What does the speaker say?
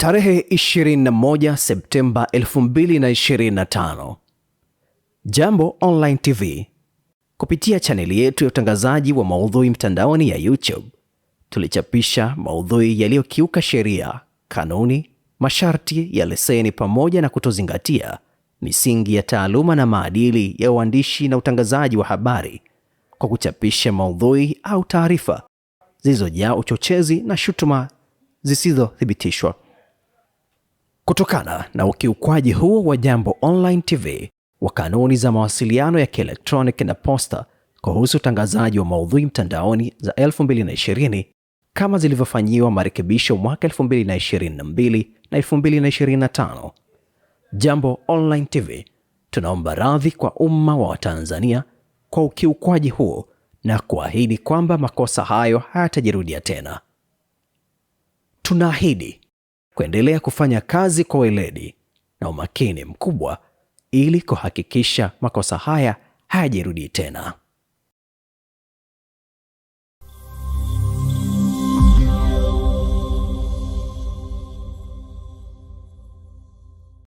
Tarehe 21 Septemba 2025. Jambo Online TV kupitia chaneli yetu ya utangazaji wa maudhui mtandaoni ya YouTube tulichapisha maudhui yaliyokiuka sheria, kanuni, masharti ya leseni pamoja na kutozingatia misingi ya taaluma na maadili ya uandishi na utangazaji wa habari kwa kuchapisha maudhui au taarifa zilizojaa uchochezi na shutuma zisizothibitishwa. Kutokana na ukiukwaji huo wa Jambo Online TV wa kanuni za mawasiliano ya kielektroniki na posta kuhusu utangazaji wa maudhui mtandaoni za 2020 kama zilivyofanyiwa marekebisho mwaka 2022 na 2025. Jambo Online TV tunaomba radhi kwa umma wa Watanzania kwa ukiukwaji huo na kuahidi kwamba makosa hayo hayatajirudia tena. Tunaahidi kuendelea kufanya kazi kwa weledi na umakini mkubwa ili kuhakikisha makosa haya hayajirudi tena.